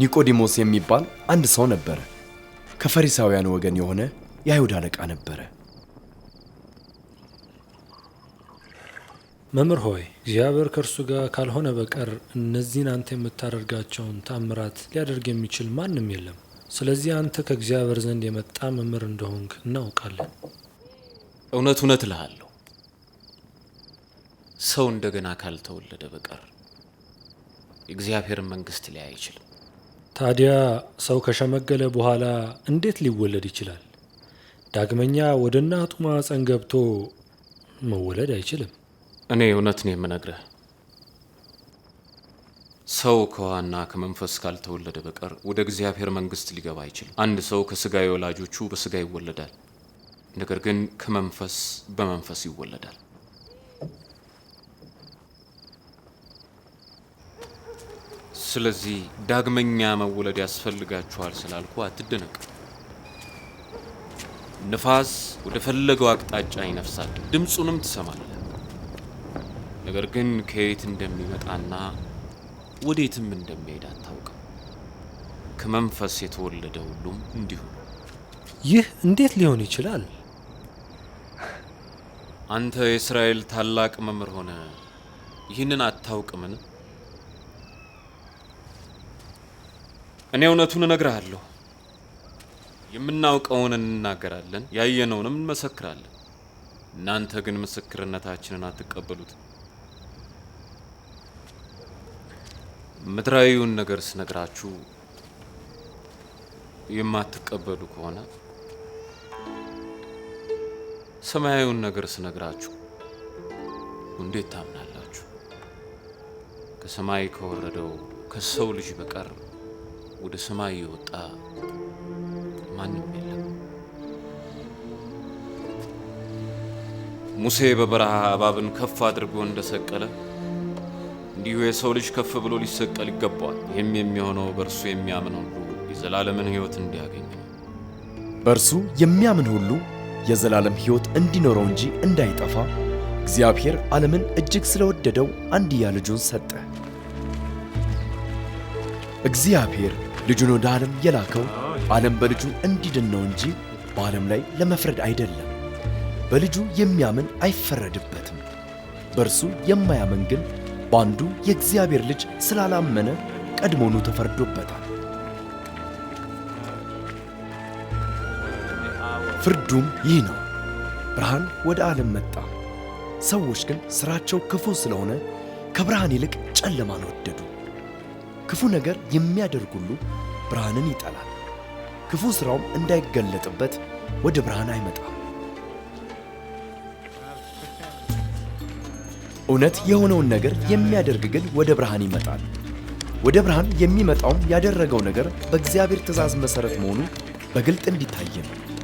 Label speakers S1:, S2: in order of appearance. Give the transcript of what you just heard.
S1: ኒቆዲሞስ የሚባል አንድ ሰው ነበረ። ከፈሪሳውያን ወገን የሆነ የአይሁድ አለቃ ነበረ።
S2: መምህር ሆይ እግዚአብሔር ከእርሱ ጋር ካልሆነ በቀር እነዚህን አንተ የምታደርጋቸውን ታምራት ሊያደርግ የሚችል ማንም የለም። ስለዚህ አንተ ከእግዚአብሔር ዘንድ የመጣ መምህር እንደሆንክ እናውቃለን።
S3: እውነት እውነት እልሃለሁ ሰው እንደገና ካልተወለደ በቀር እግዚአብሔርን መንግሥት ሊያይ አይችልም።
S2: ታዲያ ሰው ከሸመገለ በኋላ እንዴት ሊወለድ ይችላል? ዳግመኛ ወደ እናቱ ማፀን ገብቶ መወለድ አይችልም።
S3: እኔ እውነት ነው የምነግርህ፣ ሰው ከዋና ከመንፈስ ካልተወለደ በቀር ወደ እግዚአብሔር መንግሥት ሊገባ አይችልም። አንድ ሰው ከስጋ ወላጆቹ በስጋ ይወለዳል፣ ነገር ግን ከመንፈስ በመንፈስ ይወለዳል። ስለዚህ ዳግመኛ መወለድ ያስፈልጋችኋል ስላልኩ አትደነቅ። ንፋስ ወደ ፈለገው አቅጣጫ ይነፍሳል፣ ድምፁንም ትሰማለህ። ነገር ግን ከየት እንደሚመጣና ወዴትም እንደሚሄድ አታውቅም። ከመንፈስ የተወለደ ሁሉም እንዲሁ ነው።
S2: ይህ እንዴት ሊሆን ይችላል?
S3: አንተ የእስራኤል ታላቅ መምህር ሆነ ይህንን አታውቅምን? እኔ እውነቱን እነግርሃለሁ። የምናውቀውን እንናገራለን፣ ያየነውንም እንመሰክራለን። እናንተ ግን ምስክርነታችንን አትቀበሉት። ምድራዊውን ነገር ስነግራችሁ የማትቀበሉ ከሆነ ሰማያዊውን ነገር ስነግራችሁ እንዴት ታምናላችሁ? ከሰማይ ከወረደው ከሰው ልጅ በቀር ወደ ሰማይ የወጣ ማንም የለም። ሙሴ በበረሃ እባብን ከፍ አድርጎ እንደሰቀለ እንዲሁ የሰው ልጅ ከፍ ብሎ ሊሰቀል ይገባዋል። ይህም የሚሆነው በእርሱ የሚያምን ሁሉ የዘላለምን ሕይወት እንዲያገኝ ነው።
S1: በእርሱ የሚያምን ሁሉ የዘላለም ሕይወት እንዲኖረው እንጂ እንዳይጠፋ እግዚአብሔር ዓለምን እጅግ ስለወደደው አንድያ ልጁን ሰጠ። እግዚአብሔር ልጁን ወደ ዓለም የላከው ዓለም በልጁ እንዲድን ነው እንጂ በዓለም ላይ ለመፍረድ አይደለም። በልጁ የሚያምን አይፈረድበትም። በእርሱ የማያምን ግን በአንዱ የእግዚአብሔር ልጅ ስላላመነ ቀድሞኑ ተፈርዶበታል። ፍርዱም ይህ ነው፣ ብርሃን ወደ ዓለም መጣ፣ ሰዎች ግን ሥራቸው ክፉ ስለሆነ ከብርሃን ይልቅ ጨለማን ወደዱ። ክፉ ነገር የሚያደርግ ሁሉ ብርሃንን ይጠላል፣ ክፉ ሥራውም እንዳይገለጥበት ወደ ብርሃን አይመጣም። እውነት የሆነውን ነገር የሚያደርግ ግን ወደ ብርሃን ይመጣል። ወደ ብርሃን የሚመጣውም ያደረገው ነገር በእግዚአብሔር ትእዛዝ መሠረት መሆኑ በግልጥ እንዲታየ። ነው።